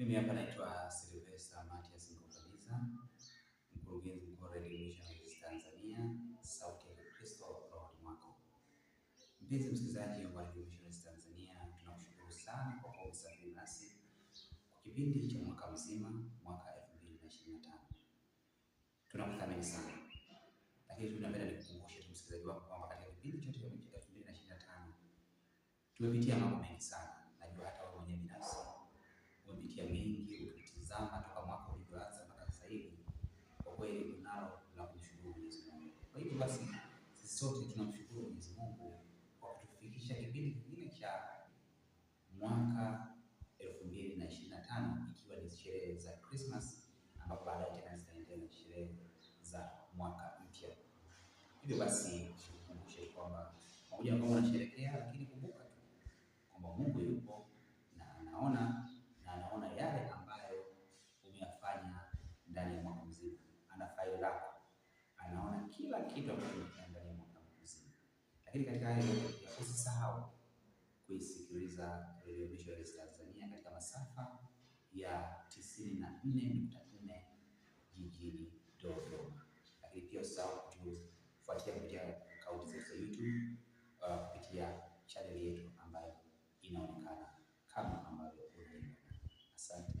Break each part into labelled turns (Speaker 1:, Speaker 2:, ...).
Speaker 1: Mimi hapa naitwa Silvesta Matias Ngokabisa, mkurugenzi mkuu wa Radio Missionaries Tanzania, sauti ya Kristo rohoni mwako. Mpenzi msikilizaji wa Radio Missionaries Tanzania, tunakushukuru sana kwa kuwa umesafiri nasi kwa kipindi cha mwaka mzima, mwaka 2025. Tunakuthamini sana. Lakini tunapenda nikukumbushe tu msikilizaji wako kwamba katika kipindi chote cha 2025 tumepitia mambo mengi sana ukitizama toka mwaka ulivyoanza mpaka sasa hivi, kwa kweli unalo la kumshukuru Mwenyezi Mungu. Kwa hivyo basi sisi sote tunamshukuru Mwenyezi Mungu kwa kutufikisha kipindi kingine cha mwaka elfu mbili na ishirini na tano ikiwa ni sherehe za Christmas ambapo baadaye tena zitaendelea na sherehe za mwaka mpya. Hivyo basi tukumbushe kwamba pamoja na kwamba unasherekea kila kitu ambacho tumekiangalia mwaka mzima. Lakini katika hayo usisahau kuisikiliza Radio Vision Tanzania katika masafa ya 94.4 jijini Dodoma. Lakini pia usisahau kutufuatia kupitia akaunti zetu za YouTube, uh, kupitia uh, chaneli yetu ambayo inaonekana kama ambavyo unaiona. Asante.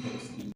Speaker 1: scheme.